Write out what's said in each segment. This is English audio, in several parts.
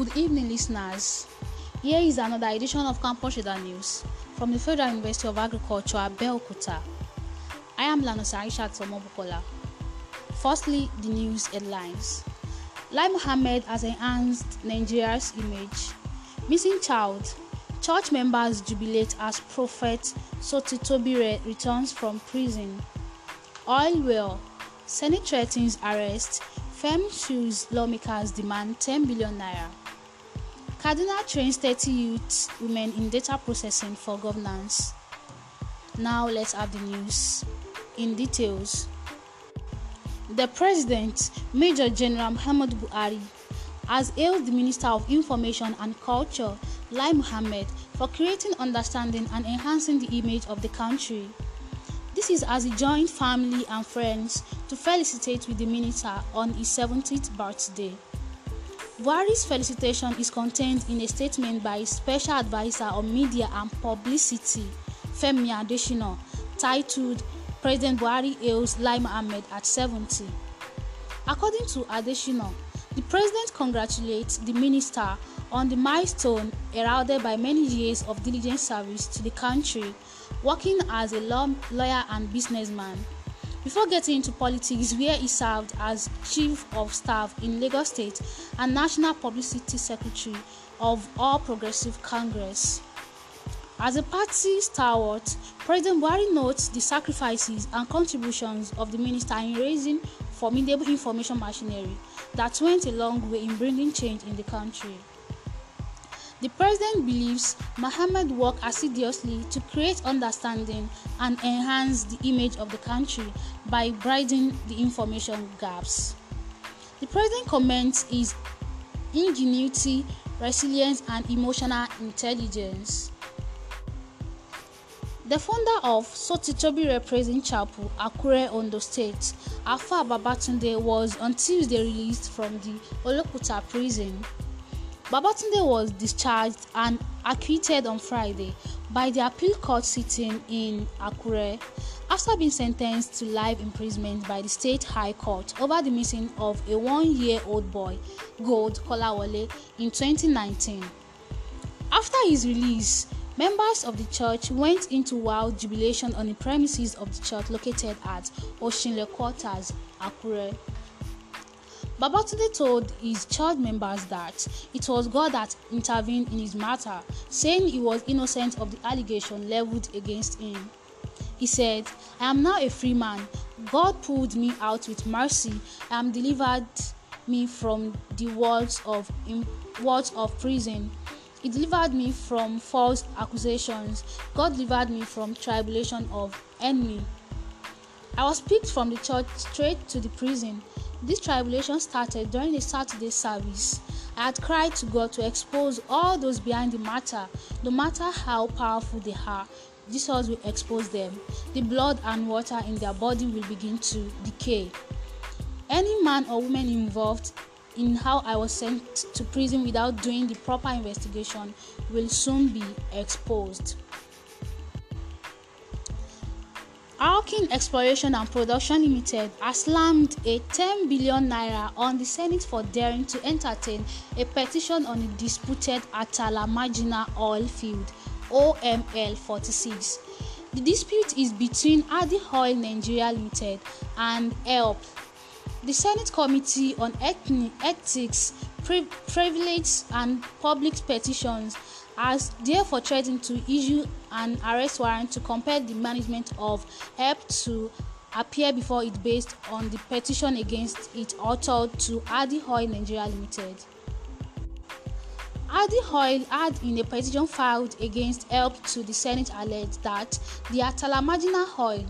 Good evening, listeners. Here is another edition of Campus Radar News from the Federal University of Agriculture, Abeokuta. I am Lanos Aishat Tomobukola. Firstly, the news headlines. Lai Mohammed has enhanced Nigeria's image. Missing child. Church members jubilate as prophet Sotitobire returns from prison. Oil well. Senate threatens arrest. Firm sues lawmakers demand 10 billion naira. Cardinal trains 30 youth women in data processing for governance. Now let's have the news in details. The President, Major General Muhammad Buhari, has hailed the Minister of Information and Culture, Lai Mohammed, for creating understanding and enhancing the image of the country. This is as he joined family and friends to felicitate with the minister on his 70th birthday. Buhari's felicitation is contained in a statement by his special adviser on media and publicity, Femi Adesina, titled President Buhari hails Lai Mohammed at 70. According to Adesina, the president congratulates the minister on the milestone heralded by many years of diligent service to the country, working as a law, lawyer and businessman. Before getting into politics, where he served as Chief of Staff in Lagos State and National Publicity Secretary of All Progressive Congress. As a party stalwart, President Buhari notes the sacrifices and contributions of the minister in raising formidable information machinery that went a long way in bringing change in the country. The president believes Muhammad worked assiduously to create understanding and enhance the image of the country by bridging the information gaps. The president comments his ingenuity, resilience, and emotional intelligence. The founder of Sotitobi Repressing Chapel, Akure, Ondo State, Alpha Babatunde, was on Tuesday released from the Olokuta prison. Babatunde was discharged and acquitted on Friday by the appeal court sitting in Akure after being sentenced to life imprisonment by the state high court over the missing of a one-year-old boy, Gold Kolawole, in 2019. After his release, members of the church went into wild jubilation on the premises of the church located at Oshinle Quarters, Akure. Babatunde told his church members that it was God that intervened in his matter, saying he was innocent of the allegation leveled against him. He said, I am now a free man. God pulled me out with mercy and delivered me from the walls of, walls of prison. He delivered me from false accusations. God delivered me from tribulation of enemy. I was picked from the church straight to the prison. This tribulation started during a Saturday service. I had cried to God to expose all those behind the matter, no matter how powerful they are. Jesus will expose them. The blood and water in their body will begin to decay. Any man or woman involved in how I was sent to prison without doing the proper investigation will soon be exposed. Hawking Exploration and Production Limited has slammed a 10 billion naira on the Senate for daring to entertain a petition on the disputed Atala Marginal Oil Field OML 46. The dispute is between Adi Oil Nigeria Limited and ELP. The Senate Committee on Ethnic Ethics, Pri- Privilege and Public Petitions has therefore threatened to issue an arrest warrant to compel the management of Help to appear before it based on the petition against its author to Adi Oil Nigeria Limited. Adi Oil had in a petition filed against HELP to the Senate alleged that the Atala Marginal Oil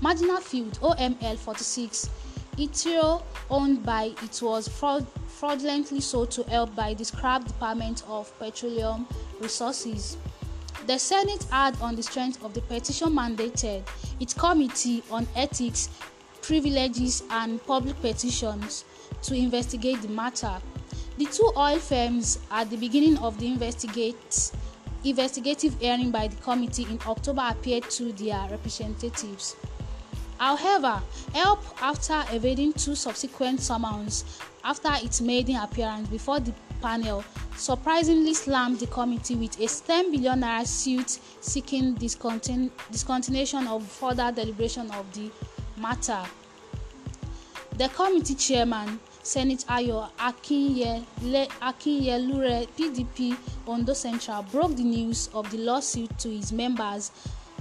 Marginal Field OML 46 Itero owned by it was fraud, fraudulently sold to help by the scrap department of petroleum resources. The Senate had, on the strength of the petition, mandated its Committee on Ethics, Privileges and Public Petitions to investigate the matter. The two oil firms, at the beginning of the investigate, investigative hearing by the committee in October, appeared to their representatives. However, help after evading two subsequent summons after its maiden appearance before the panel surprisingly slammed the committee with a 10 billion naira suit seeking discontinuation of further deliberation of the matter. The committee chairman, Senate Ayo Akinyelure, Akinyelure PDP Ondo Central, broke the news of the lawsuit to his members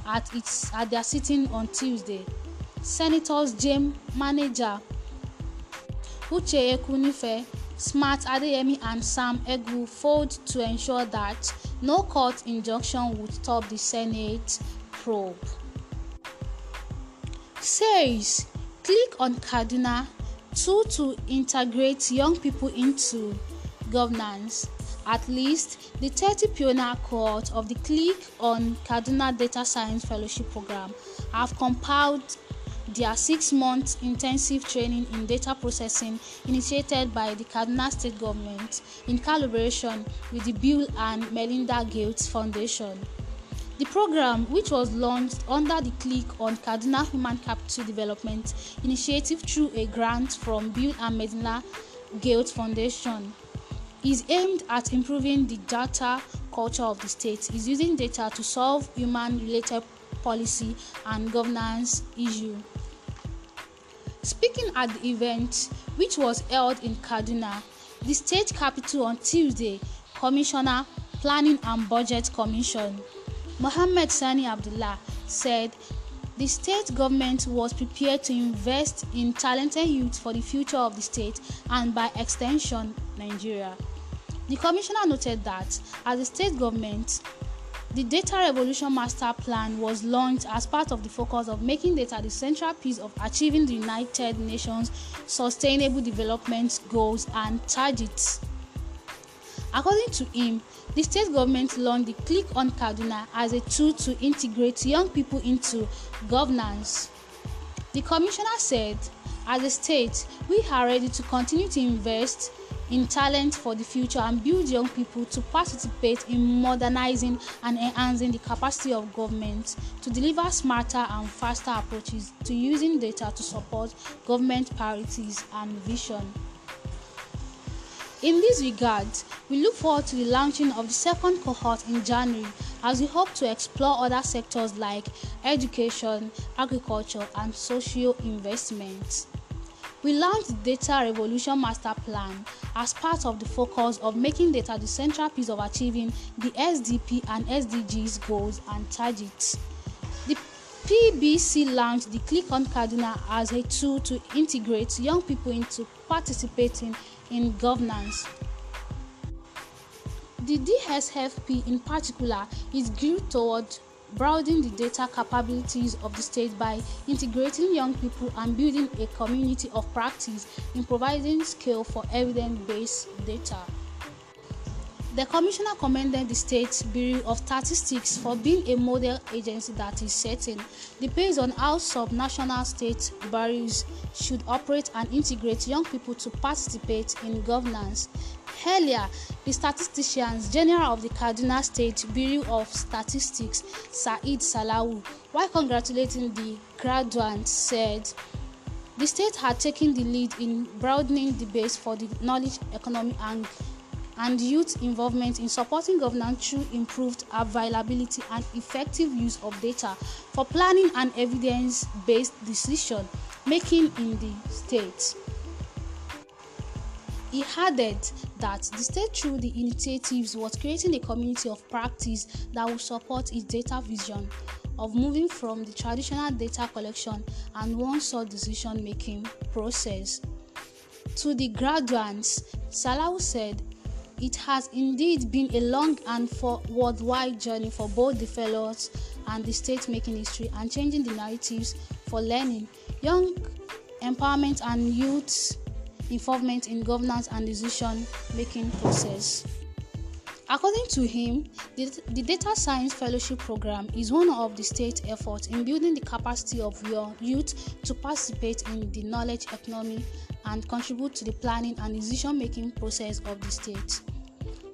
at, its, at their sitting on Tuesday. Senators Jim Manager, Uche Ekunife, Smart Adeyemi and Sam Egwu fold to ensure that no court injunction would stop the Senate probe. Says Click on Kaduna 2 to integrate young people into governance. At least the 30 pioneer cohort of the Click on Kaduna Data Science Fellowship Program have compiled their six month intensive training in data processing initiated by the Kaduna State Government in collaboration with the Bill and Melinda Gates Foundation. The program, which was launched under the click on Kaduna Human Capital Development Initiative through a grant from Bill and Melinda Gates Foundation, is aimed at improving the data culture of the state, is using data to solve human related policy and governance issue. Speaking at the event, which was held in Kaduna, the state capital on Tuesday, Commissioner Planning and Budget Commission, Mohammed Sani Abdullah, said the state government was prepared to invest in talented youth for the future of the state and by extension Nigeria. The commissioner noted that as the state government, the Data Revolution Master Plan was launched as part of the focus of making data the central piece of achieving the United Nations Sustainable Development Goals and Targets. According to him, the state government launched the Click on Kaduna as a tool to integrate young people into governance. The commissioner said, As a state, we are ready to continue to invest in talent for the future and build young people to participate in modernizing and enhancing the capacity of governments to deliver smarter and faster approaches to using data to support government priorities and vision. In this regard, we look forward to the launching of the second cohort in January as we hope to explore other sectors like education, agriculture, and social investments. We launched the Data Revolution Master Plan as part of the focus of making data the central piece of achieving the SDP and SDGs goals and targets. The PBC launched the Click on Cardinal as a tool to integrate young people into participating in governance. The DSFP in particular is geared toward broadening the data capabilities of the state by integrating young people and building a community of practice in providing scale for evidence based data. The commissioner commended the State Bureau of Statistics for being a model agency that is setting the pace on how subnational state bureaus should operate and integrate young people to participate in governance. Earlier, the statistician general of the Kaduna State Bureau of Statistics, Said Salawu, while congratulating the graduates, said, the state had taken the lead in broadening the base for the knowledge economy and and youth involvement in supporting governance through improved availability and effective use of data for planning and evidence based decision making in the state. He added that the state, through the initiatives, was creating a community of practice that would support its data vision of moving from the traditional data collection and one shot decision making process. To the graduates, Salau said it has indeed been a long and for worldwide journey for both the fellows and the state making history and changing the narratives for learning, young empowerment, and youth involvement in governance and decision making process. According to him, the, the, Data Science Fellowship Program is one of the state efforts in building the capacity of your youth to participate in the knowledge economy and contribute to the planning and decision making process of the state.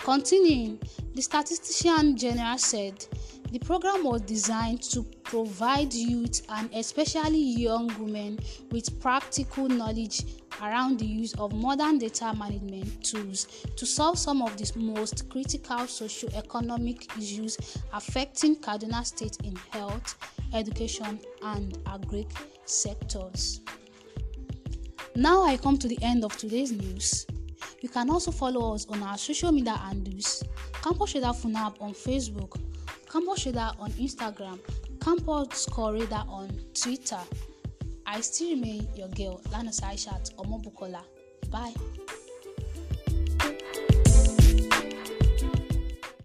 Continuing, the statistician general said the program was designed to provide youth and especially young women with practical knowledge around the use of modern data management tools to solve some of the most critical socio-economic issues affecting cardinal State in health, education, and agri sectors. Now I come to the end of today's news. You can also follow us on our social media handles Campus Trader Funab on Facebook, Campus Trader on Instagram, Campus Corridor on Twitter. I still remain your girl, Lanos Aishat Omobukola. Bye.